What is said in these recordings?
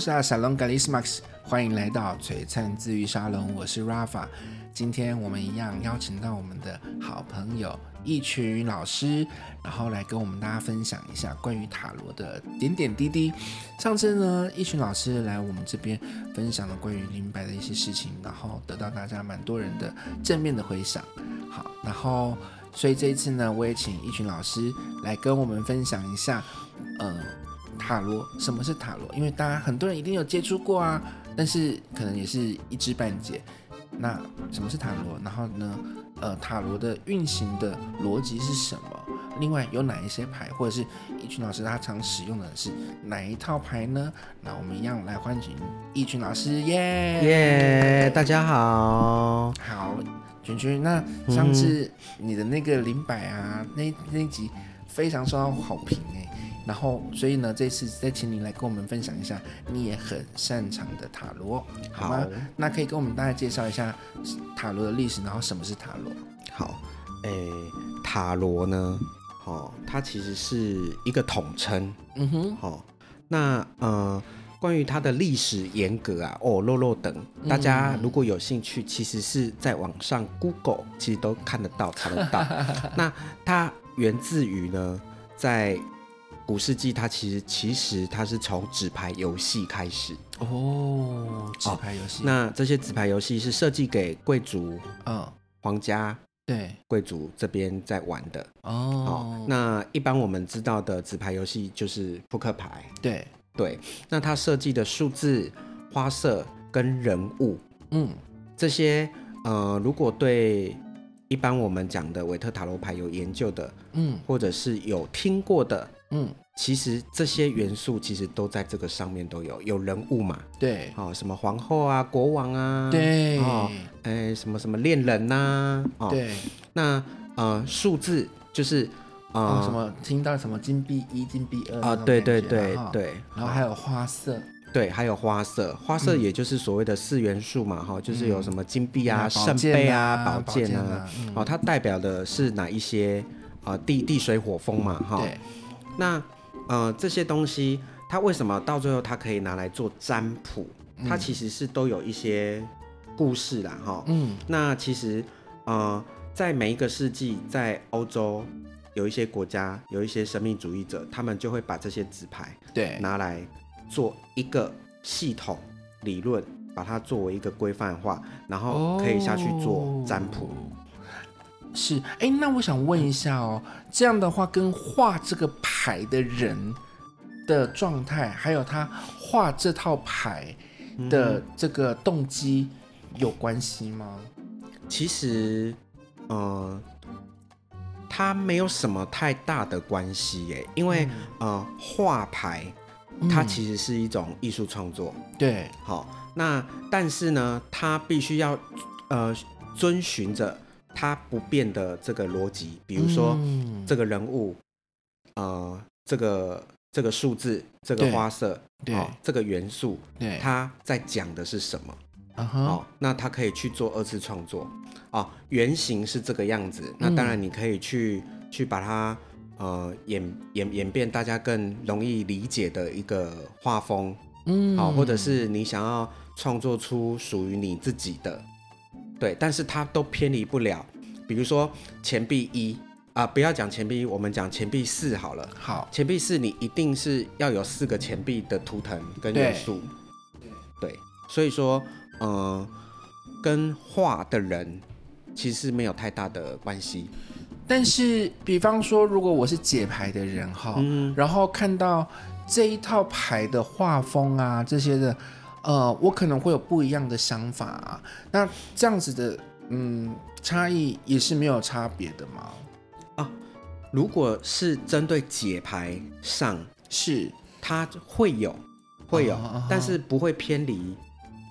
是啊，沙龍 karisMax，歡迎來到璀璨自遇沙龍，我是 Rafa，今天我們一樣邀請到我們的好朋友易群老師，然後來跟我們大家分享一下關於塔羅的點點滴滴。上次呢，易群老師來我們這邊分享了關於靈擺的一些事情，然後得到大家蠻多人的正面的迴響。好，然後所以這一次呢，我也請易群老師來跟我們分享一下，呃。塔羅，什麼是塔羅？因為大家很多人一定有接觸過啊，但是可能也是一知半解。那什麼是塔羅？然後呢，呃，塔羅的運行的邏輯是什麼？另外有哪一些牌，或者是易群老師他常使用的是哪一套牌呢？那我們一樣來歡迎易群老師，耶耶，大家好，好，群群，那上次你的那個靈擺啊，嗯、那那集非常受到好評哎、欸。然後，所以呢，這次再請你來跟我們分享一下你也很擅長的塔羅，好嗎？好，那可以跟我們大家介紹一下塔羅的歷史，然後什麼是塔羅？好，誒，塔羅呢，哦，它其實是一個統稱，嗯哼，哦、那呃，關於它的歷史嚴格啊，哦，落落長，大家如果有興趣，其實是在網上 Google，其實都看得到、查得到。 那它源自於呢，在五世紀，它其實其實它是從紙牌遊戲開始哦，哦、紙牌遊戲。那這些紙牌遊戲是設計給貴族、嗯，皇家對貴族這邊在玩的哦。好、哦，那一般我們知道的紙牌遊戲就是撲克牌，對對。那它設計的數字、花色跟人物，嗯，這些呃，如果對。一般我們講的韋特塔羅牌有研究的，嗯，或者是有聽過的嗯，嗯，其實這些元素其實都在這個上面都有，有人物嘛，對，哦，什麼皇後啊，國王啊，對，哦、欸，什麼什麼戀人呐、啊，哦、對，那數、呃、字就是啊、呃嗯，什麼聽到什麼金幣一，金幣二啊，對對對對，然後，對然後還有花色。啊對，還有花色，花色也就是所謂的四元素嘛，哈、嗯，就是有什麼金幣啊、聖、嗯啊、杯啊、寶劍啊，哦，它代表的是哪一些啊、呃？地、地、水、火、風嘛，哈、哦。對。那呃，這些東西它為什麼到最後它可以拿來做占卜？嗯、它其實是都有一些故事啦。哈、哦。嗯。那其實呃，在每一個世紀，在歐洲有一些國家，有一些神秘主義者，他們就會把這些紙牌對拿來。做一個系統理論，把它作為一個規範化，然後可以下去做占卜。哦、是，哎、欸，那我想問一下哦、喔，嗯、這樣的話跟畫這個牌的人的狀態，還有他畫這套牌的這個動機有關係嗎、嗯嗯？其實，呃，它沒有什麼太大的關係耶、欸，因為、嗯、呃，畫牌。它其實是一種藝術創作、嗯，對，好、哦，那但是呢，它必須要，呃，遵循着它不變的這個邏輯，比如說這個人物，嗯、呃，這個這個數字，這個花色，對，對、哦，這個元素，對，它在講的是什麼？好、uh huh 哦，那它可以去做二次創作、哦，原型是這個樣子，那當然你可以去、嗯、去把它。呃，演演演變，大家更容易理解的一個畫風，嗯，好，或者是你想要創作出屬於你自己的，對，但是它都偏離不了。比如說錢幣一啊，不要講錢幣一，我們講錢幣四好了。好，錢幣四你一定是要有四個錢幣的圖騰跟元素，對，對，所以說，呃，跟畫的人其實沒有太大的關係。但是，比方說，如果我是解牌的人哈，嗯嗯然後看到這一套牌的畫風啊這些的，呃，我可能會有不一樣的想法啊。那這樣子的，嗯，差異也是沒有差別的嗎？啊，如果是針對解牌上是，它會有會有，哦、但是不會偏離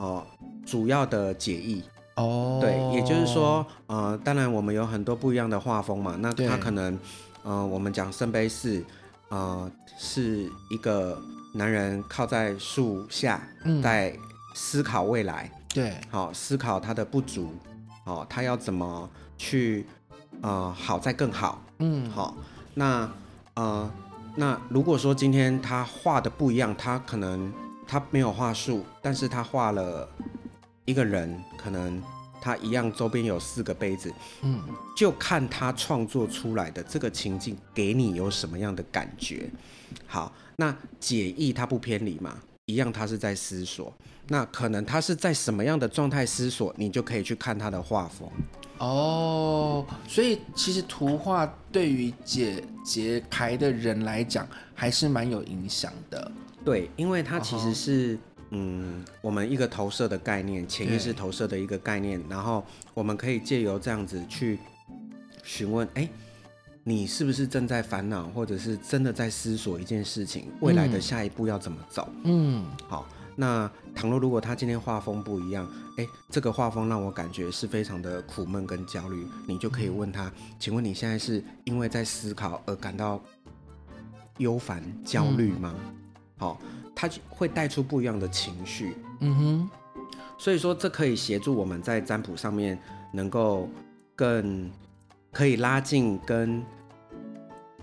哦，哦主要的解義。哦，對，也就是說，呃，當然我們有很多不一樣的畫風嘛，那他可能，對呃，我們講聖杯四，呃，是一個男人靠在樹下、嗯、在思考未來，對，好、哦、思考他的不足、哦，他要怎麼去，呃，好再更好，嗯，好、哦，那，呃，那如果說今天他畫的不一樣，他可能他沒有畫樹，但是他畫了。一個人可能他一樣，周邊有四個杯子，嗯，就看他創作出來的這個情境給你有什麼樣的感覺。好，那解意他不偏離嘛，一樣他是在思索。那可能他是在什麼樣的狀態思索，你就可以去看他的畫風。哦，所以其實圖畫對於解解牌的人來講還是蠻有影響的。對，因為他其實是。嗯，我們一個投射的概念，潛意識投射的一個概念，欸、然後我們可以借由這樣子去詢問：哎、欸，你是不是正在煩惱，或者是真的在思索一件事情未來的下一步要怎麼走？嗯，好。那倘若如果他今天畫風不一樣，哎、欸，這個畫風讓我感覺是非常的苦悶跟焦慮，你就可以問他：嗯、請問你現在是因為在思考而感到憂煩焦慮嗎？嗯、好。它就會帶出不一樣的情緒，嗯哼，所以說這可以協助我們在占卜上面能夠更可以拉近跟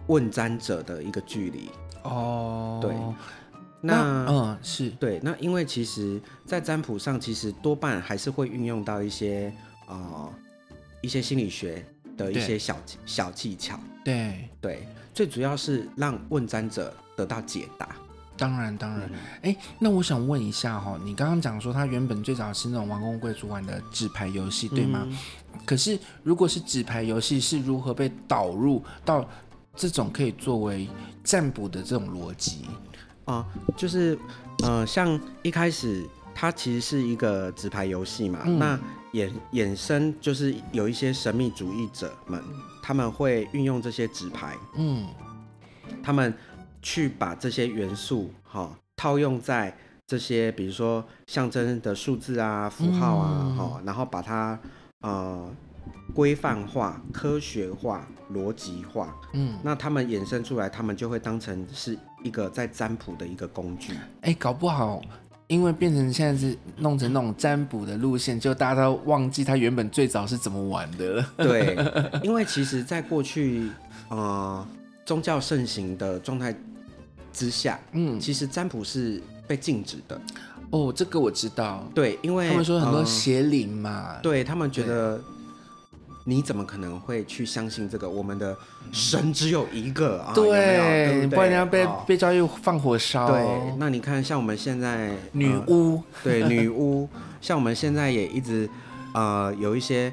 問占者的一個距離哦。對，那、啊、嗯是對，那因為其實在占卜上其實多半還是會運用到一些啊、呃、一些心理學的一些小對小技巧，對對，對，最主要是讓問占者得到解答。當然，當然，哎、欸，那我想問一下哈、喔，你剛剛講說他原本最早是那種王公貴族玩的紙牌遊戲，對嗎？嗯、可是如果是紙牌遊戲，是如何被導入到這種可以作為占卜的這種邏輯啊？就是呃，像一開始它其實是一個紙牌遊戲嘛，嗯、那衍衍生就是有一些神秘主義者們，他們會運用這些紙牌，嗯，他們。去把這些元素，哈、哦，套用在這些，比如說象徵的數字啊、符號啊，哈、嗯哦，然後把它呃規範化、科學化、邏輯化，嗯，那他們衍生出來，他們就會當成是一個在占卜的一個工具。哎、欸，搞不好因為變成現在是弄成那種占卜的路線，就大家都忘記他原本最早是怎麼玩的了。 對，因為其實在過去，呃，宗教盛行的狀態。之下，嗯，其實占卜是被禁止的哦。這個我知道，對，因為他們說很多邪靈嘛，對，他們覺得你怎麼可能會去相信這個？我們的神只有一個啊，對，不然人家被被教義放火燒。對，那你看，像我們現在女巫，對，女巫，像我們現在也一直，呃，有一些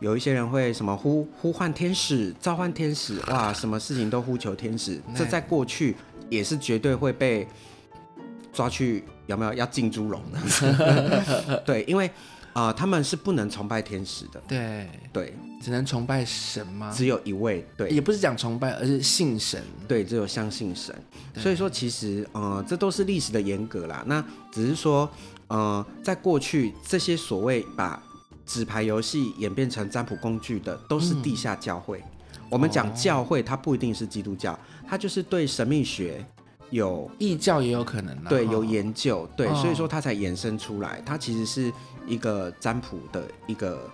有一些人會什麼呼呼喚天使，召喚天使，哇，什麼事情都呼求天使。這在過去，也是絕對會被抓去，有沒有要浸豬籠？ 對，因為啊、呃，他們是不能崇拜天使的。對對，對只能崇拜神嗎？只有一位。對，也不是講崇拜，而是信神。對，只有相信神。對所以說，其實嗯、呃，這都是歷史的嚴格啦。那只是說，嗯、呃，在過去這些所謂把紙牌遊戲演變成占卜工具的，都是地下教會。嗯我們講教會，它不一定是基督教，哦、它就是對神秘學有異教也有可能呢、啊。對，哦、有研究，對，哦、所以說它才衍生出來。它其實是一個占卜的一個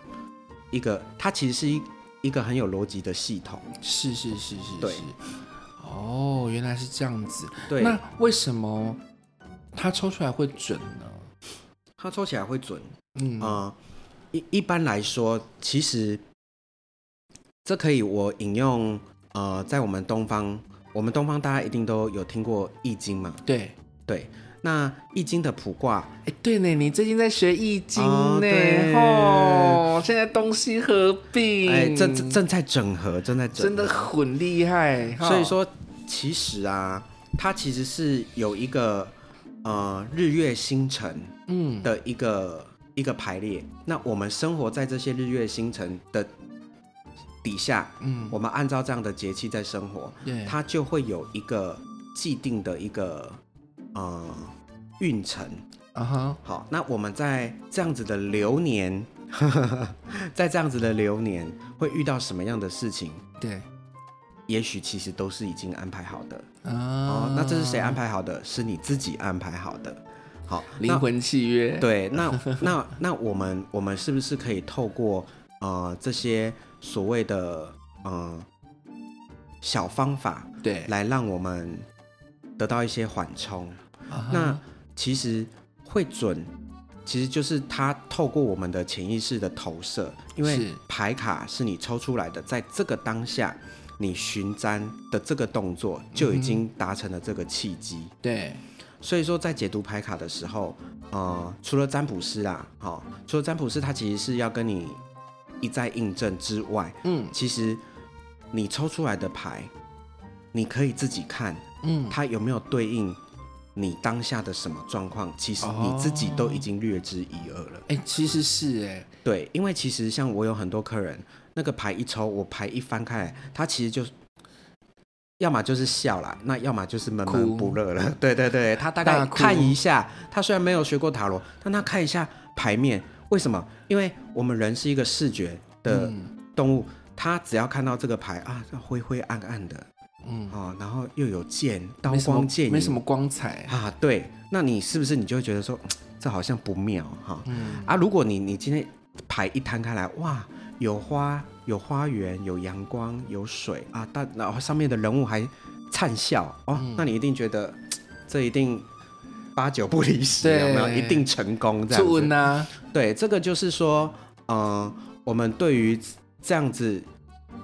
一個，它其實是一一個很有邏輯的系統。是是是是是，對是是是。哦，原來是這樣子。對。那為什麼它抽出來會準呢？它抽起來會準。嗯啊、呃，一一般來說，其實。這可以，我引用，呃，在我們東方，我們東方大家一定都有聽過《易經》嘛？對對，那《易經》的卜卦，哎，對呢，你最近在學《易經》呢？哦，對哦，現在東西合併，哎，正正在整合，正在整，真的很厲害。哦、所以說，其實啊，它其實是有一個，呃，日月星辰，嗯，的一個、嗯、一個排列。那我們生活在這些日月星辰的，底下，嗯，我們按照這樣的節氣在生活，對，它就會有一個既定的一個呃運程，啊哈、uh-huh. 好，那我們在這樣子的流年， 在這樣子的流年會遇到什麼樣的事情？對，也許其實都是已經安排好的啊、uh huh。那這是誰安排好的？是你自己安排好的。好，靈魂契約。對，那那那我們我們是不是可以透過呃這些？所謂的嗯、呃、小方法，對，來讓我們得到一些緩衝。Uh huh、那其實會準，其實就是它透過我們的潛意識的投射，因為牌卡是你抽出來的，是在這個當下，你尋占的這個動作就已經達成了這個契機、mm hmm。對，所以說在解讀牌卡的時候，呃、除了占卜師啊，哦、除了占卜師，他其實是要跟你。一再印證之外，嗯，其實你抽出來的牌，你可以自己看，嗯，它有沒有對應你當下的什麼狀況？其實你自己都已經略知一二了。哎、哦欸，其實是哎，對，因為其實像我有很多客人，那個牌一抽，我牌一翻開，他其實就，要麼就是笑啦，那要麼就是悶悶不樂了。哭 對對對，他大概大看一下，他雖然沒有學過塔羅，但他看一下牌面。為什麼？因為我們人是一個視覺的動物，他、嗯、只要看到這個牌啊，灰灰暗暗的，嗯、哦，然後又有劍，刀光劍影沒，沒什麼光彩啊。對，那你是不是你就會覺得說，這好像不妙哈？啊，嗯、啊，如果你你今天牌一攤開來，哇，有花，有花園，有陽光，有水啊，但然後、哦、上面的人物還燦笑哦，嗯、那你一定覺得這一定。八九不離十，對有沒有一定成功這樣子？出、啊、對，這個就是說，嗯、呃，我們對於這樣子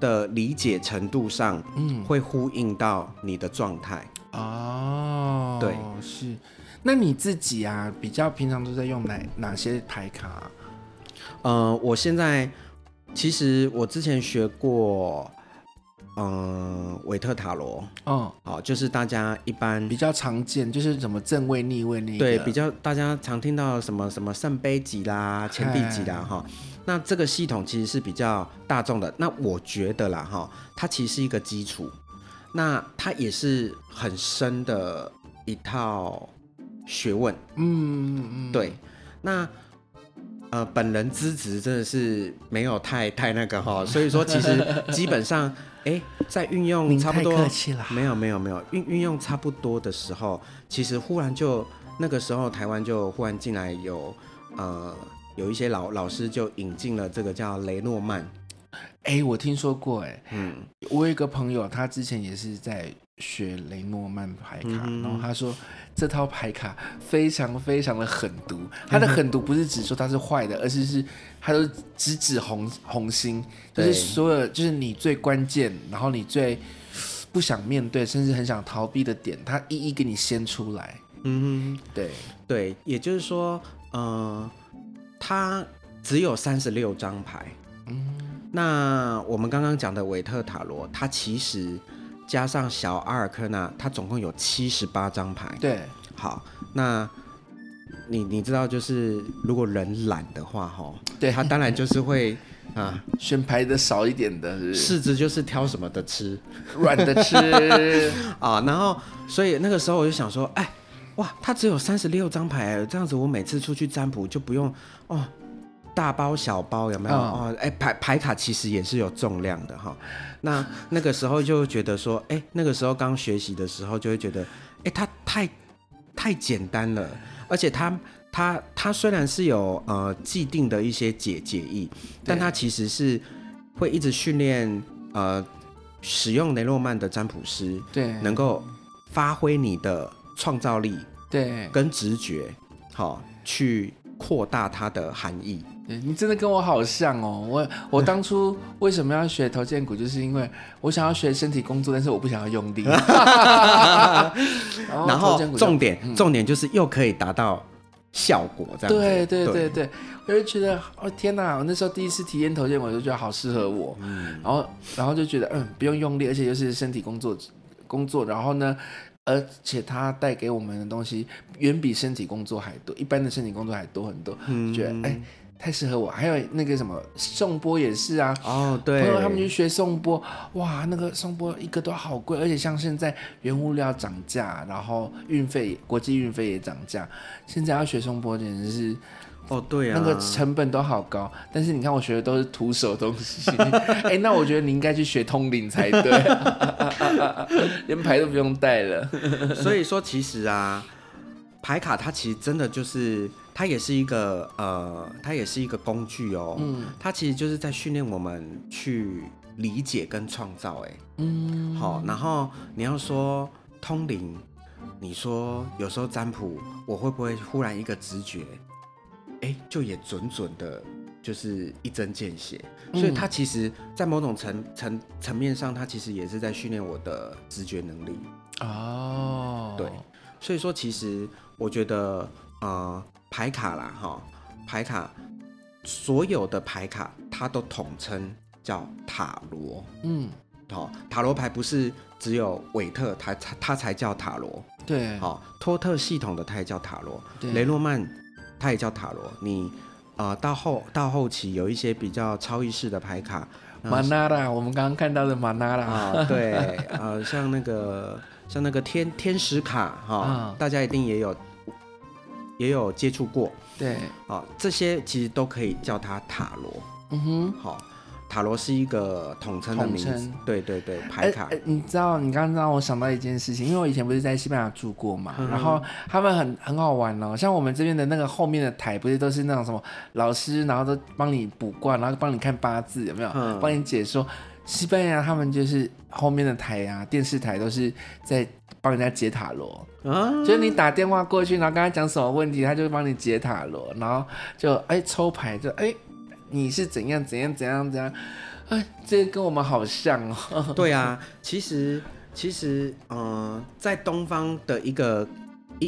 的理解程度上，嗯，會呼應到你的狀態哦。對，是。那你自己啊，比較平常都在用哪哪些牌卡？嗯、呃，我現在其實我之前學過。嗯，韋特塔羅，嗯、哦，好、哦，就是大家一般比較常見，就是什麼正位、逆位那一對比較大家常聽到什麼什麼聖杯幾啦、錢幣幾啦哈。唉，那這個系統其實是比較大眾的。那我覺得啦哈，它其實是一個基礎，那它也是很深的一套學問。嗯嗯嗯，嗯對。那呃，本人資質真的是沒有太太那個哈，嗯、所以說其實基本上。 哎、欸，在運用差不多，沒有沒有沒有運運用差不多的時候，其實忽然就那個時候，台灣就忽然進來有呃有一些老老師就引進了這個叫雷諾曼。哎、欸，我聽說過、欸，哎，嗯，我有一個朋友，他之前也是在。學雷諾曼牌卡，嗯、哼然後他說這套牌卡非常非常的狠毒，他的狠毒不是指說他是壞的，嗯、哼而是是它都直指，指紅紅心，就是所有就是你最關鍵，然後你最不想面對，甚至很想逃避的點，他一一給你掀出來。嗯哼，對對，也就是說，嗯、呃，他只有三十六張牌。嗯哼，那我們剛剛講的韋特塔羅，他其實。加上小阿爾克納，他總共有七十八張牌。對，好，那你，你你知道，就是如果人懶的話，哈對，對他當然就是會啊選牌的少一點的，柿子就是挑什麼的吃，軟 的吃 啊。然後，所以那個時候我就想說，哎、欸，哇，他只有三十六張牌，這樣子我每次出去占卜就不用哦。大包小包有沒有？哦，哦，哎、欸，牌牌卡其實也是有重量的哈。那那個時候就會覺得說，哎、欸，那個時候剛學習的時候就會覺得，哎、欸，它太太簡單了。而且它它它雖然是有呃既定的一些解解義，但它其實是會一直訓練呃使用雷諾曼的占卜師，對，能夠發揮你的創造力，對，跟直覺，好，去擴大它的含義。你真的跟我好像哦，我我當初為什麼要學顱薦骨，就是因為我想要學身體工作，但是我不想要用力。 然後，顱薦骨然後重點、嗯、重點就是又可以達到效果，這樣子。對對對對，對我就覺得哦天哪、啊，我那時候第一次體驗顱薦骨，我就覺得好適合我。嗯。然後然後就覺得嗯，不用用力，而且又是身體工作工作，然後呢，而且它帶給我們的東西遠比身體工作還多，一般的身體工作還多很多。嗯。覺得哎。欸太適合我，還有那個什麼頌缽也是啊。哦，oh, 對，朋友他們去學頌缽，哇，那個頌缽一個都好貴，而且像現在原物料漲價，然後運費、國際運費也漲價，現在要學頌缽簡直是，哦、oh, 對啊，那個成本都好高。但是你看我學的都是徒手東西，哎、 欸，那我覺得你應該去學通靈才對、啊， 連牌都不用帶了。 所以說，其實啊，牌卡它其實真的就是。它也是一個呃，它也是一個工具哦。嗯，它其實就是在訓練我們去理解跟創造。哎，嗯，好。然後你要說通靈，你說有時候占卜，我會不會忽然一個直覺，哎、欸，就也準準的，就是一針見血。嗯、所以它其實，在某種層層層面上，它其實也是在訓練我的直覺能力。哦、嗯，對，所以說，其實我覺得。啊、呃，牌卡啦哈、哦，牌卡，所有的牌卡它都統稱叫塔羅，嗯，好、哦，塔羅牌不是只有韋特，它才它才叫塔羅，對，好、哦，托特系統的它也叫塔羅，對雷諾曼它也叫塔羅，你啊、呃、到後到後期有一些比較超意式的牌卡，瑪納啦，嗯嗯、我們剛剛看到的瑪納啦，對，啊、 呃，像那個像那個天天使卡哈，哦嗯、大家一定也有。也有接觸過，對，啊，這些其實都可以叫它塔羅，嗯哼，好，塔羅是一個統稱的名稱，統稱，對對對，牌卡。欸欸、你知道，你剛剛讓我想到一件事情，因為我以前不是在西班牙住過嘛，嗯、然後他們很很好玩哦、喔，像我們這邊的那個後面的台，不是都是那種什麼老師然，然後都幫你卜卦，然後幫你看八字有沒有，幫、嗯、你解說。西班牙他們就是後面的台啊，電視台都是在。幫人家解塔羅，啊，就是你打電話過去，然後跟他講什麼問題，他就幫你解塔羅，然後就哎、欸、抽牌就哎、欸、你是怎樣怎樣怎樣怎樣，哎、欸，這個跟我們好像哦、喔。對啊，其實其實嗯、呃，在東方的一個一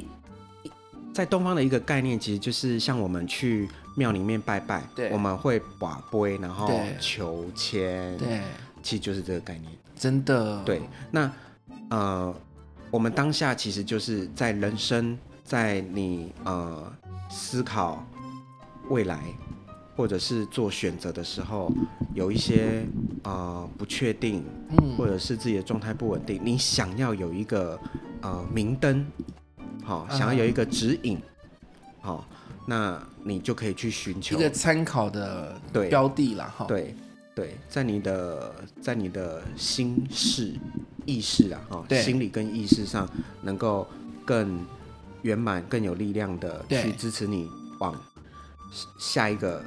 一在東方的一個概念，其實就是像我們去廟裡面拜拜，對，我們會把杯然後求籤，對，其實就是這個概念。真的。對，那呃。我們當下其實就是在人生，在你呃思考未來，或者是做選擇的時候，有一些呃不確定，或者是自己的狀態不穩定，嗯、你想要有一個呃明燈，好、哦，想要有一個指引，好、嗯哦，那你就可以去尋求一個參考的標的了，哈對，哦、對對，在你的在你的心事。意識啊，心理跟意識上能夠更圓滿、對更有力量的去支持你往下一個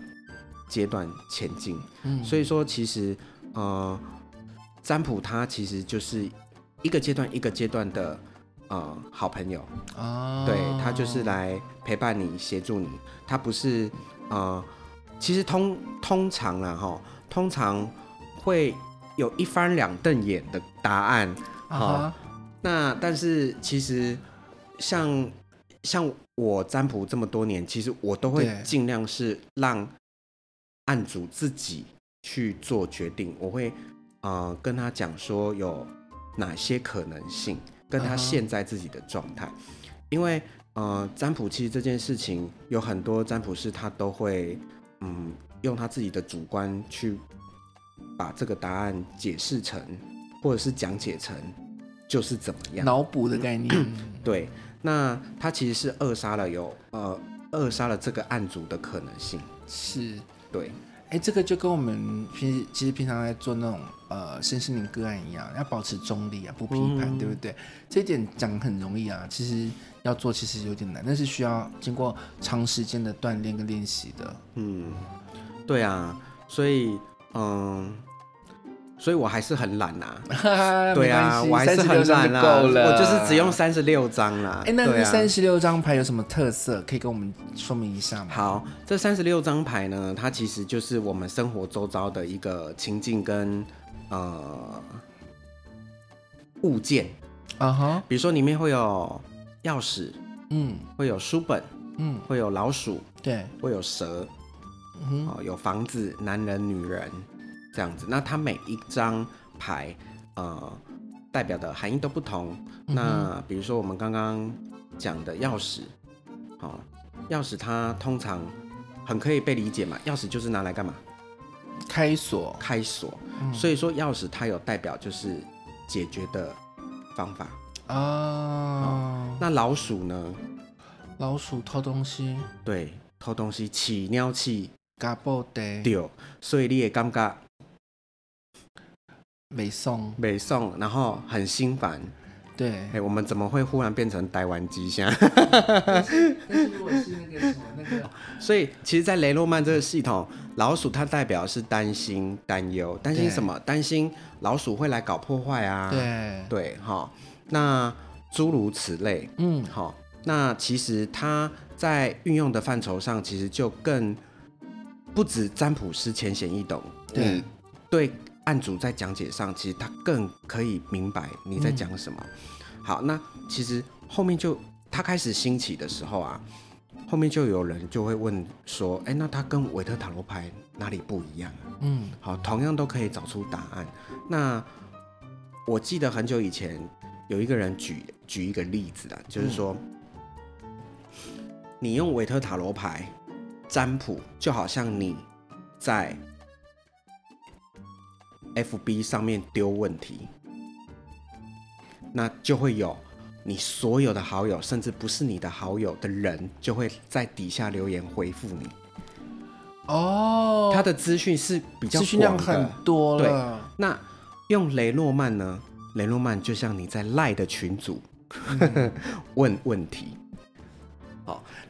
階段前進。嗯，所以說其實呃，占卜他其實就是一個階段一個階段的、呃、好朋友、哦、對他就是來陪伴你、協助你，他不是呃，其實通通常啊、哦、通常會。有一翻兩瞪眼的答案，好、uh huh. 哦，那但是其實像像我占卜這麼多年，其實我都會盡量是讓案主自己去做決定。對我會、呃、跟他講說有哪些可能性，跟他現在自己的狀態，uh huh. 因為呃占卜其實這件事情，有很多占卜師他都會嗯用他自己的主觀去。把這個答案解釋成，或者是講解成，就是怎麼樣？腦補的概念、嗯，對。那它其實是扼殺了有呃，扼殺了這個案主的可能性。是，對。哎、欸，這個就跟我們平時其實平常在做那種呃，身心靈個案一樣，要保持中立啊，不批判，嗯、對不對？這一點講很容易啊，其實要做其實有點難，但是需要經過長時間的鍛鍊跟練習的。嗯，對啊。所以，嗯、呃。所以我還是很懶吶、啊，對啊，啊我還是很懶啦、啊，夠了我就是只用三十六張啦。哎、欸，那你三十六張牌有什麼特色，可以跟我們說明一下嗎？好，這三十六張牌呢，它其實就是我們生活周遭的一個情境跟呃物件啊哈，uh huh、比如說裡面會有鑰匙，嗯，會有書本，嗯，會有老鼠，對，會有蛇，嗯、呃、有房子，男人，女人。這樣子，那它每一張牌、呃，代表的含義都不同。嗯、哼那比如說我們剛剛講的鑰匙，好、哦，鑰匙它通常很可以被理解嘛？鑰匙就是拿來幹嘛？開鎖，開鎖。所以說鑰匙它有代表就是解決的方法啊、哦哦。那老鼠呢？老鼠偷東西、嗯。對，偷東西，起尿氣，搞布地。對，所以你也感覺。沒送，沒送，然後很心煩。對，哎、欸，我們怎麼會忽然變成台灣機箱？ 那個、所以，其實，在雷諾曼這個系統，老鼠它代表是擔心、擔憂、擔心什麼？對擔心老鼠會來搞破壞啊？對對，哈。那諸如此類，嗯，哈。那其實它在運用的範疇上，其實就更不止占卜師淺顯易懂。對、嗯、對。案主在講解上，其實他更可以明白你在講什麼。嗯、好，那其實後面就他開始興起的時候啊，後面就有人就會問說：“哎、欸，那他跟韋特塔羅牌哪裡不一樣啊？”嗯，好，同樣都可以找出答案。那我記得很久以前有一個人舉舉一個例子啊，就是說，嗯、你用韋特塔羅牌占卜，就好像你在。FB 上面丟問題，那就會有你所有的好友，甚至不是你的好友的人，就會在底下留言回復你。哦，他的資訊是比較資訊量很多。對，那用雷諾曼呢？雷諾曼就像你在 LINE 的群組、嗯、 問問題。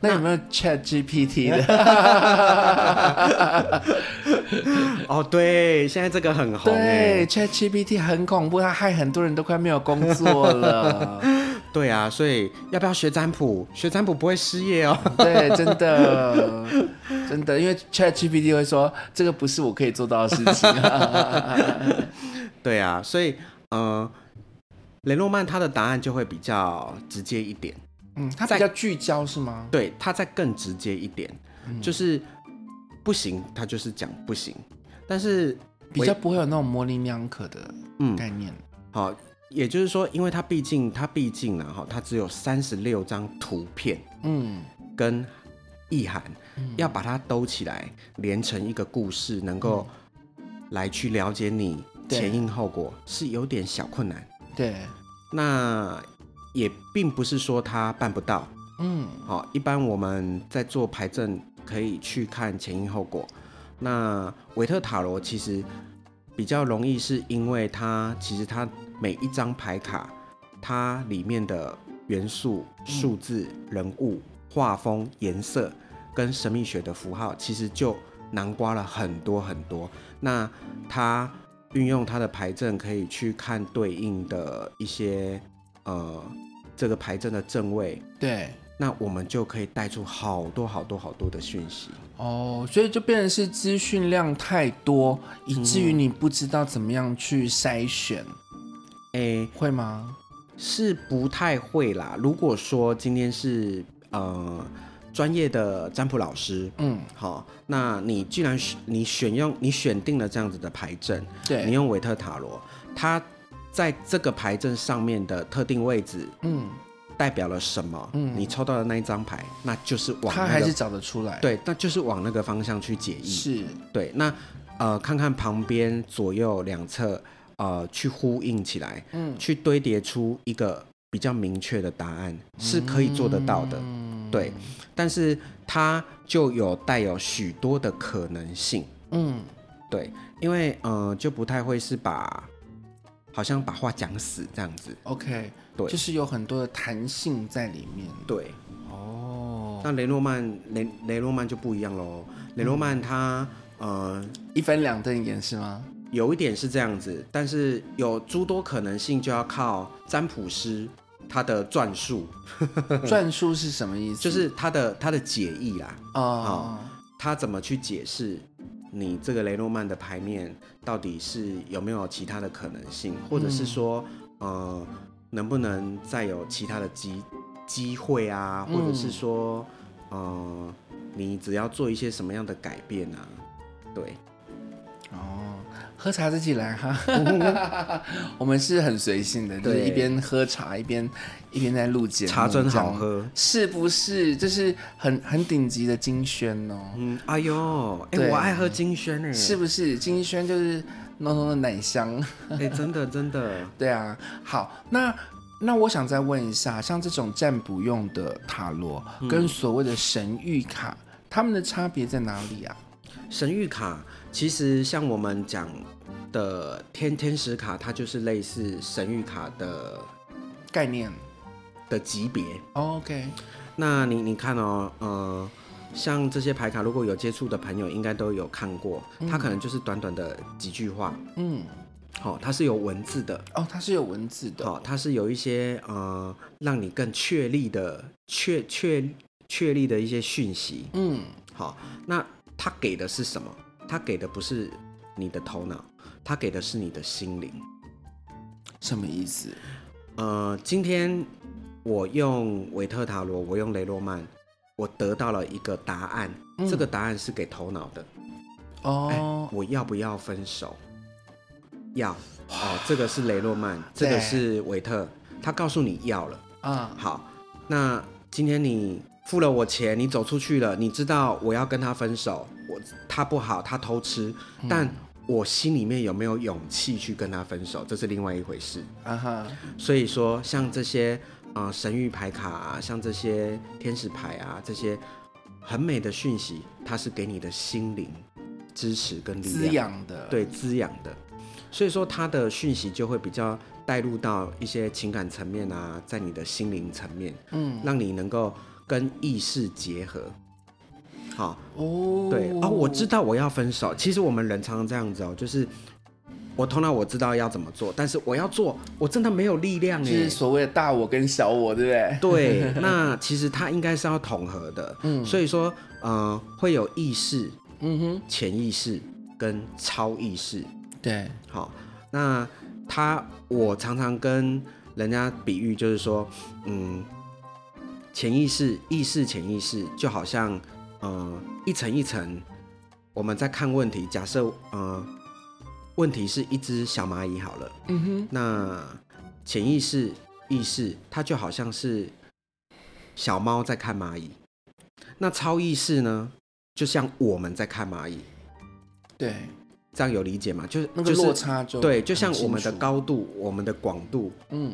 那有沒有 Chat GPT 的？ 哦，對，現在這個很紅。對，Chat GPT 很恐怖，它害很多人都快沒有工作了。 對啊，所以要不要學占卜？學占卜不會失業哦。 對，真的，真的，因為 Chat GPT 會說這個不是我可以做到的事情。 對啊，所以，嗯、呃，雷諾曼他的答案就會比較直接一點。嗯，他比較聚焦，在是嗎？對，它再更直接一點，嗯、就是不行，它就是講不行，但是比較不會有那種模棱兩可的概念。好、嗯哦，也就是說，因為它畢竟，它畢竟然後，啊、哈，它只有三十六張圖片，嗯，跟意涵，嗯，要把它兜起來，連成一個故事能夠、嗯，能夠來去了解你前因後果，對是有點小困難。對，那。也並不是說他辦不到，嗯，好、哦，一般我們在做牌陣，可以去看前因後果。那維特塔羅其實比較容易，是因為它其實它每一張牌卡，它裡面的元素、數字、人物、畫風、顏色跟神秘學的符號，其實就囊括了很多很多。那它運用它的牌陣可以去看對應的一些。呃，這個牌陣的正位，對，那我們就可以帶出好多好多好多的訊息哦，所以就變成是資訊量太多，嗯、以至於你不知道怎麼樣去篩選，哎、欸，會嗎？是不太會啦。如果說今天是呃專業的占卜老師，嗯，好、哦，那你既然選你選用你選定了這樣子的牌陣，對你用韋特塔羅，它在這個牌陣上面的特定位置，嗯，代表了什麼？嗯，你抽到的那一張牌，嗯、那就是往、那個、它還是找得出來。對，那就是往那個方向去解意。是，對。那呃，看看旁邊左右兩側，呃，去呼應起來，嗯，去堆疊出一個比較明確的答案，是可以做得到的。嗯、對，但是它就有帶有許多的可能性。嗯，對，因為呃，就不太會是把。好像把話講死這樣子，OK，對，就是有很多的彈性在裡面。對，哦。那雷諾曼雷雷諾曼就不一樣嘍。嗯、雷諾曼他呃，一分兩瞪眼是嗎？有一點是這樣子，但是有諸多可能性就要靠占卜師他的轉述轉 述是什麼意思？就是他的他的解意啦。啊、哦哦，他怎麼去解釋？你這個雷諾曼的牌面到底是有沒有其他的可能性，嗯、或者是說，呃，能不能再有其他的機機會啊？嗯、或者是說，呃，你只要做一些什麼樣的改變呢、啊？對，哦。喝茶自己來哈、啊， 我們是很隨性的，對，就是一邊喝茶一邊一邊在錄節目。茶真好喝，是不是？這是很很頂級的金萱哦、喔。嗯，哎呦，哎、啊欸，我愛喝金萱呢。是不是？金萱就是濃濃的奶香。哎、欸，真的真的。 對啊，好，那那我想再問一下，像這種占卜用的塔羅，嗯、跟所謂的神諭卡，他們的差別在哪裡啊？神諭卡其實像我們講的天天使卡，它就是類似神諭卡的概念的級別。Oh, OK，那你你看哦，呃，像這些牌卡，如果有接觸的朋友，應該都有看過。它可能就是短短的幾句話。嗯，好，它是有文字的。哦，它是有文字的。哦，它是有一些呃，讓你更確立的、確確確立的一些訊息。嗯、好、哦，那它給的是什麼？它給的不是你的頭腦。他給的是你的心靈，什麼意思？呃，今天我用維特塔羅，我用雷諾曼，我得到了一個答案。嗯、這個答案是給頭腦的。哦、欸，我要不要分手？嗯、要。哦、呃，這個是雷諾曼，哇這個是維特，他對告訴你要了。啊、嗯，好。那今天你付了我錢，你走出去了，你知道我要跟他分手，我他不好，他偷吃，但、嗯。我心裡面有沒有勇氣去跟他分手，這是另外一回事啊哈。Uh huh. 所以說，像這些啊、呃、神諭牌卡，啊，像這些天使牌啊，這些很美的訊息，它是給你的心靈支持跟力量滋養的，對滋養的。所以說，它的訊息就會比較帶入到一些情感層面啊，在你的心靈層面，嗯，讓你能夠跟意識結合。好、oh、哦，對啊，我知道我要分手。其實我們人常常這樣子哦，就是我通常我知道要怎麼做，但是我要做，我真的沒有力量耶。就是所謂的大我跟小我，對不對？對，那其實他應該是要統合的。嗯， 所以說，呃，會有意識，嗯哼，潛意識跟超意識。對、mm，hmm. 好，那他我常常跟人家比喻，就是說，嗯，潛意識、意識、潛意識，就好像。嗯、呃，一層一層，我們在看問題。假設嗯、呃，問題是一隻小螞蟻好了。嗯哼。那潛意識、意識，它就好像是小貓在看螞蟻。那超意識呢，就像我們在看螞蟻。對，這樣有理解嗎？就是那個落差就對，就像我們的高度、我們的廣度，嗯，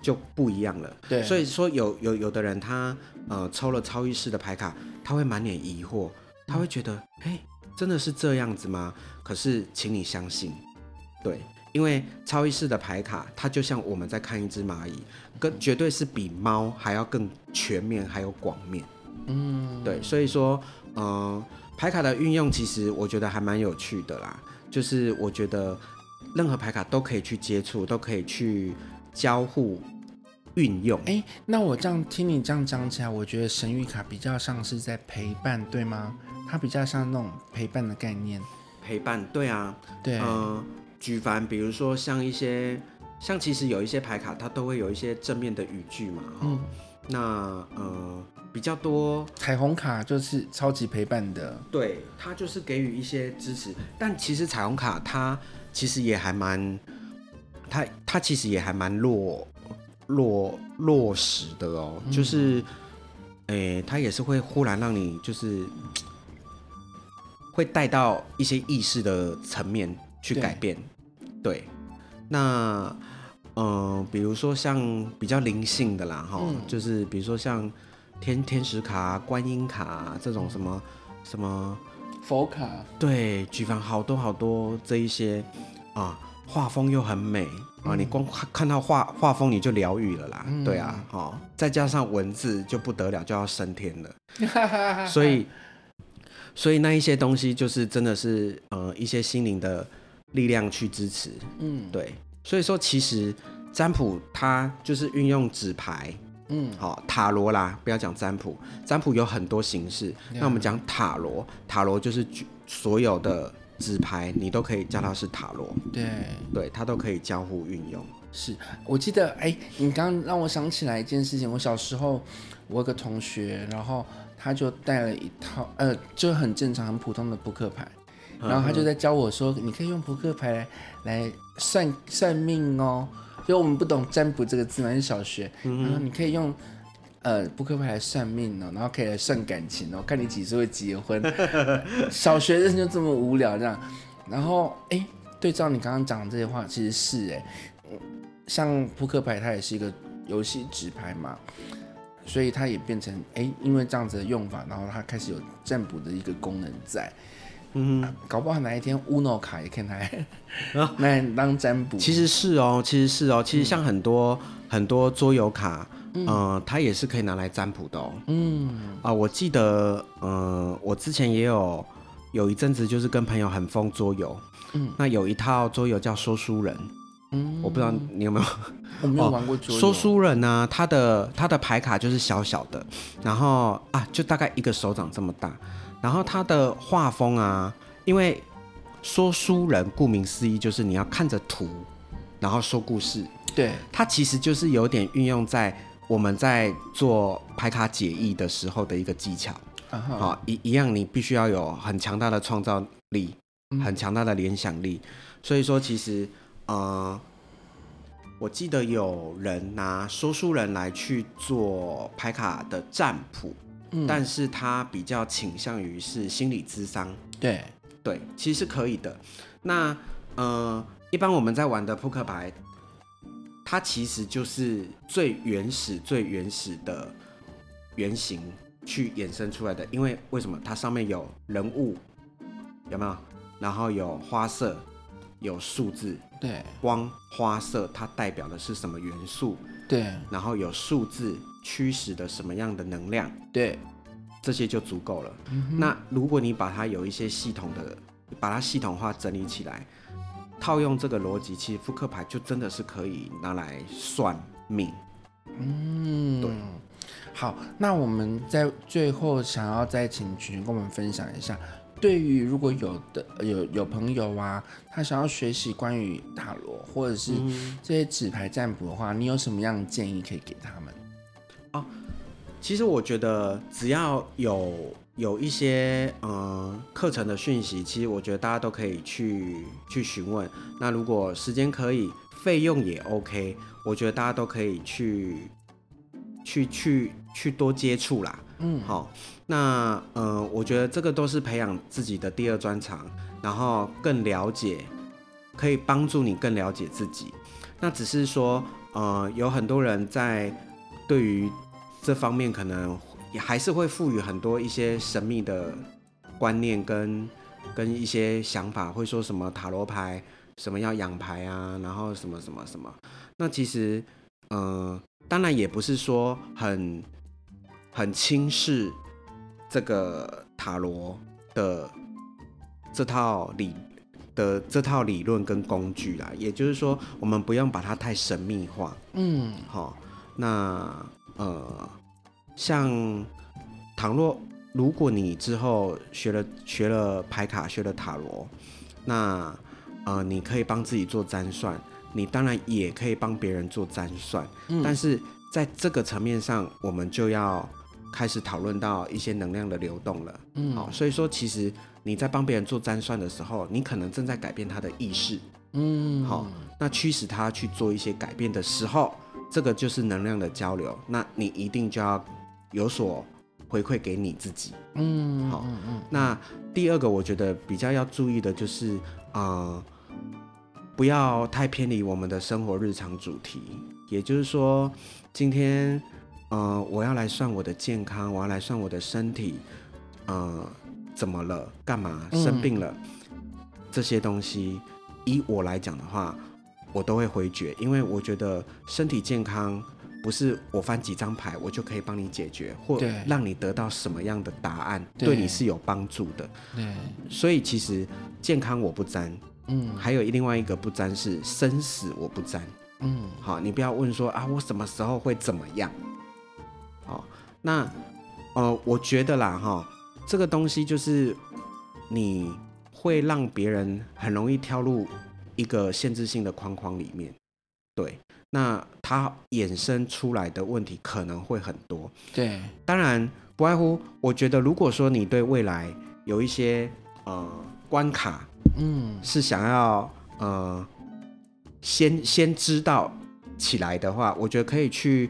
就不一樣了。對，所以說有有有的人他呃抽了超意識的牌卡。他會滿臉疑惑，他會覺得，嘿、嗯，真的是這樣子嗎？可是，請你相信，對，因為超意識的牌卡，它就像我們在看一隻螞蟻，跟絕對是比貓還要更全面，還有廣面，嗯，對，所以說，呃，牌卡的運用，其實我覺得還蠻有趣的啦，就是我覺得任何牌卡都可以去接觸，都可以去交互。運運用。哎、欸，那我這樣聽你這樣講起來，我覺得神諭卡比較像是在陪伴，對嗎？它比較像那種陪伴的概念，陪伴。對啊，對啊，呃，舉凡比如說像一些像，其實有一些牌卡，它都會有一些正面的語句嘛。喔、嗯，那呃，比較多彩虹卡就是超級陪伴的，對，它就是給予一些支持。但其實彩虹卡它其實也還蠻，它它其實也還蠻弱、喔。落落實的哦，嗯、就是，誒、欸，他也是會忽然讓你就是，會帶到一些意識的層面去改變，對，對，那，嗯、呃，比如說像比較靈性的啦，哈、嗯，就是比如說像天天使卡、觀音卡這種什麼、嗯、什麼佛卡，對，舉凡好多好多這一些，啊，畫風又很美。啊，嗯、你光看看到畫畫風你就療癒了啦，對啊，好、嗯哦，再加上文字就不得了，就要升天了， 所以，所以那一些東西就是真的是呃一些心靈的力量去支持，嗯，對，所以說其實占卜它就是運用紙牌，嗯，好、哦、塔羅啦，不要講占卜，占卜有很多形式，了解。那我們講塔羅，塔羅就是所有的。紙牌你都可以叫它是塔羅，對對，它都可以交互運用。是我記得，哎，你剛讓我想起來一件事情。我小時候，我有個同學，然後他就帶了一套，呃，就很正常、很普通的撲克牌，然後他就在教我說，你可以用撲克牌來來算算命哦。因為我們不懂占卜這個字嘛，是小學，然後你可以用。呃，撲克牌來算命哦，喔，然後可以來算感情哦，喔，看你幾時會結婚。小學生就這麼無聊這樣，然後哎，欸，對照你剛剛講的這些話，其實是哎，欸嗯，像撲克牌它也是一個遊戲紙牌嘛，所以它也變成哎，欸，因為這樣子的用法，然後它開始有占卜的一個功能在。嗯哼，啊，搞不好哪一天 UNO 卡也可以，那當，啊，占卜其，喔。其實是哦，其實是哦，其實像很多，嗯，很多桌遊卡。嗯、呃，他也是可以拿來占卜的哦、喔。嗯啊、呃，我記得，呃，我之前也有有一陣子就是跟朋友很瘋桌遊。嗯，那有一套桌遊叫《說書人》，嗯，我不知道你有沒有？我沒有玩過桌遊、哦。說書人呢、啊，他的他的牌卡就是小小的，然後啊，就大概一個手掌這麼大。然後他的畫風啊，因為說書人顧名思義就是你要看着圖，然後說故事。對，他其實就是有點運用在。我們在做牌卡解譯的時候的一個技巧，一、uh huh. 哦、一樣，你必須要有很強大的創造力，嗯、很強大的聯想力。所以說，其實啊、呃，我記得有人拿說書人來去做牌卡的占卜，嗯、但是他比較傾向於是心理諮商。對對，其實是可以的。那呃，一般我們在玩的撲克牌。它其實就是最原始、最原始的原型去衍生出來的。因為為什麼？它上面有人物，有沒有？然後有花色，有數字，對。光花色它代表的是什麼元素？對。然後有數字驅使的什麼樣的能量？對。這些就足夠了。嗯哼。那如果你把它有一些系統的，把它系統化整理起來。套用這個邏輯，其實複刻牌就真的是可以拿來算命。嗯，對。好，那我們在最後想要再請群群跟我們分享一下，對於如果有的有有朋友啊，他想要學習關於塔羅或者是這些紙牌占卜的話，嗯，你有什麼樣的建議可以給他們？哦，其實我覺得只要有。有一些呃，課程的訊息，其實我覺得大家都可以去去詢問。那如果時間可以，費用也 OK，我覺得大家都可以去去去去多接觸啦。嗯，好，那呃，我覺得這個都是培養自己的第二專長，然後更了解，可以幫助你更了解自己。那只是說呃，有很多人在對於這方面可能。還是會賦予很多一些神秘的觀念跟跟一些想法，會說什麼塔羅牌，什麼要養牌啊，然後什麼什麼什麼。那其實，嗯、呃，當然也不是說很很輕視這個塔羅的這套理的這套理論跟工具啦。也就是說，我們不用把它太神秘化。嗯，好、哦，那呃。像倘若如果你之後學了學了牌卡，學了塔羅，那呃你可以幫自己做占算，你當然也可以幫別人做占算。嗯。但是在這個層面上，我們就要開始討論到一些能量的流動了。嗯。好，哦，所以說其實你在幫別人做占算的時候，你可能正在改變他的意識。嗯。好，哦，那驅使他去做一些改變的時候，這個就是能量的交流。那你一定就要。有所回饋給你自己，嗯，嗯，嗯，好，嗯嗯。那第二個我覺得比較要注意的就是，呃，不要太偏離我們的生活日常主題。也就是說，今天，呃，我要來算我的健康，我要來算我的身體，呃，怎麼了？幹嘛？生病了？嗯，這些東西，以我來講的話，我都會回絕，因為我覺得身體健康。不是我翻幾張牌，我就可以幫你解決或讓你得到什麼樣的答案，對，對你是有幫助的。對、嗯，所以其實健康我不沾，嗯，還有另外一個不沾是生死我不沾，嗯，好、哦，你不要問說啊我什麼時候會怎麼樣。好、哦，那呃，我覺得啦哈、哦，這個東西就是你會讓別人很容易跳入一個限制性的框框裡面，對。那它衍生出來的問題可能會很多，對，當然不外乎，我覺得如果說你對未來有一些呃關卡，嗯，是想要呃先先知道起來的話，我覺得可以去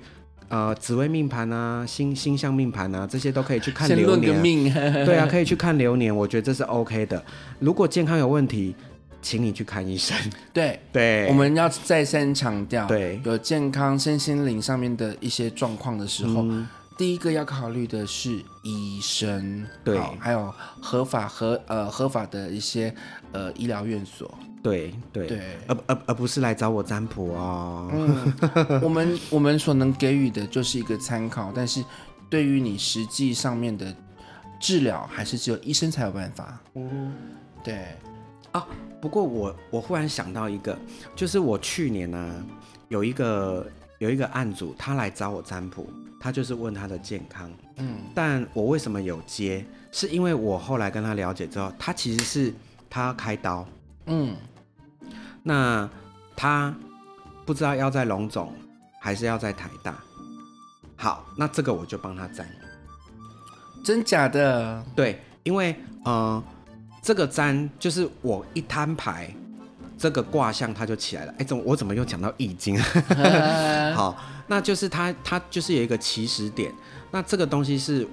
呃紫微命盤啊、星星象命盤啊，這些都可以去看流年啊， 對啊，可以去看流年，我覺得這是 OK 的。如果健康有問題。請你去看醫生。對對，對我們要再三強調，對有健康身心靈上面的一些狀況的時候，嗯、第一個要考慮的是醫生，對，還有合法合呃合法的一些呃醫療院所，對對對，對對而而而不是來找我占卜哦。嗯， 我們我們所能給予的就是一個參考，但是對於你實際上面的治療，還是只有醫生才有辦法。嗯，對。啊、哦，不過我我忽然想到一個，就是我去年呢有一個有一個案主，他來找我占卜，他就是問他的健康，嗯，但我為什麼有接，是因為我後來跟他了解之後，他其實是他要開刀，嗯，那他不知道要在榮總還是要在台大，好，那這個我就幫他占。真假的？對，因為嗯。呃這個占就是我一攤牌，這個卦象它就起來了。哎、欸，怎麼我怎麼又講到易經？ 好，那就是他他就是有一個起始點。那這個東西是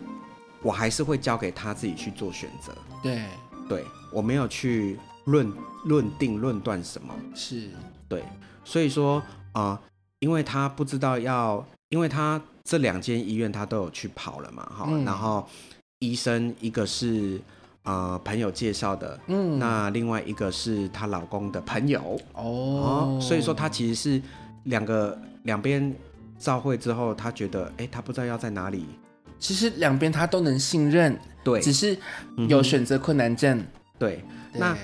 我還是會交給他自己去做選擇。對對，我沒有去論論定論斷什麼。是對，所以說啊、呃，因為他不知道要，因為他這兩間醫院他都有去跑了嘛，哈、嗯。然後醫生一個是。呃，朋友介紹的，嗯，那另外一個是她老公的朋友哦、嗯，所以說她其實是兩個兩邊照會之後，她覺得哎，她不知道要在哪裡。其實兩邊她都能信任，對，只是有選擇困難症。嗯、對，對那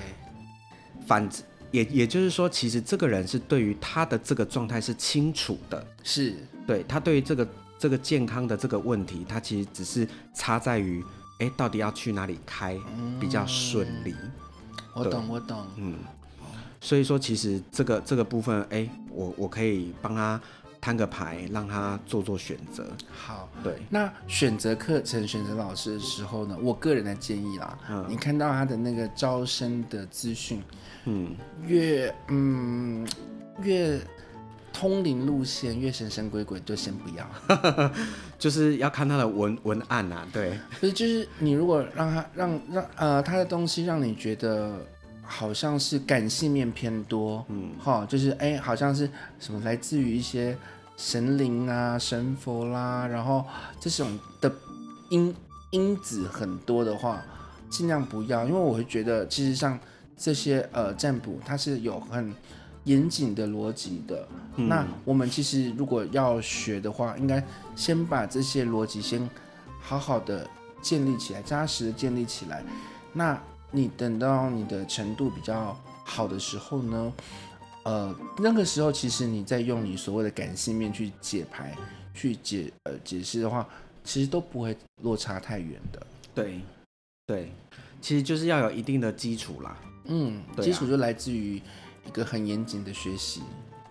反正也也就是說，其實這個人是對於她的這個狀態是清楚的，是，對她對於這個這個健康的這個問題，她其實只是差在於。欸、到底要去哪裡開比較順利？嗯、對我懂，我懂。嗯，所以說其實這個這個部分，欸、我我可以幫他攤個牌，讓他做做選擇。好，對。那選擇課程、選擇老師的時候呢，我個人的建議啦，嗯、你看到他的那個招生的資訊、嗯，嗯，越嗯越。通靈路線，越神神鬼鬼就先不要， 就是要看它的文文案啊，對，不是，就是你如果讓他讓讓呃他的東西讓你覺得好像是感性面偏多，嗯哈、哦，就是哎好像是什麼來自於一些神靈啊、神佛啦，然後這種的因因子很多的話，盡量不要，因為我會覺得其實像這些呃占卜它是有很。嚴謹的邏輯的，那我們其實如果要學的話，嗯、應該先把這些邏輯先好好的建立起來，紮實的建立起來。那你等到你的程度比較好的時候呢，呃，那個時候其實你再用你所謂的感性面去解牌、去解呃解釋的話，其實都不會落差太遠的。對，對，其實就是要有一定的基礎啦。嗯，對啊、基礎就來自於。一個很嚴謹的學習，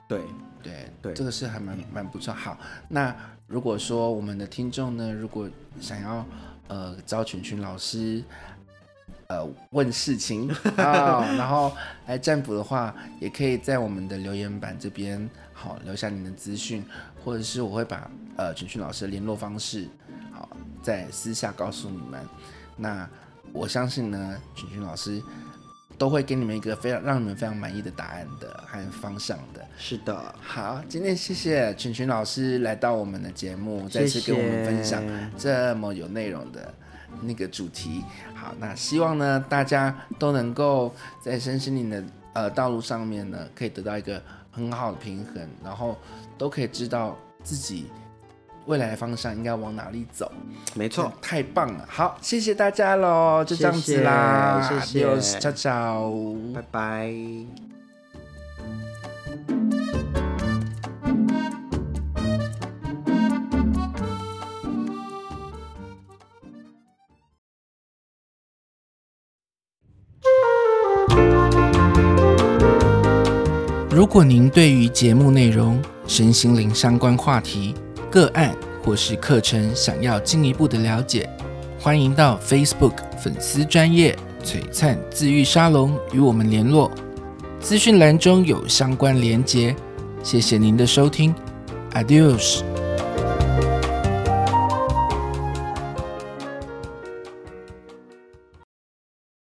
對對對，對對這個是還蠻、嗯、蠻不錯。好，那如果說我們的聽眾呢，如果想要呃找群群老師呃問事情、 哦、然後來佔卜的話，也可以在我們的留言板這邊好留下你的資訊，或者是我會把呃群群老師的聯絡方式好在私下告訴你們。那我相信呢，群群老師。都會給你們一個非常，讓你們非常滿意的答案的還有方向的。是的，好，今天謝謝群群老師來到我們的節目，再次給我們分享這麼有內容的那個主題。的好，那希望呢，大家都能夠在身心靈的呃道路上面呢，可以得到一個很好的平衡，然後都可以知道自己。未來方向應該往哪裡走？沒錯，嗯，太棒了！好，謝謝大家嘍，就這樣子啦，謝謝小小，謝謝 ios，叫叫拜拜。如果您對於節目內容、身心靈相關話題，個案或是課程，想要進一步的了解，歡迎到 Facebook 粉絲專頁璀璨自遇沙龍與我們聯絡，資訊欄中有相關連結，謝謝您的收聽，Adios。Ad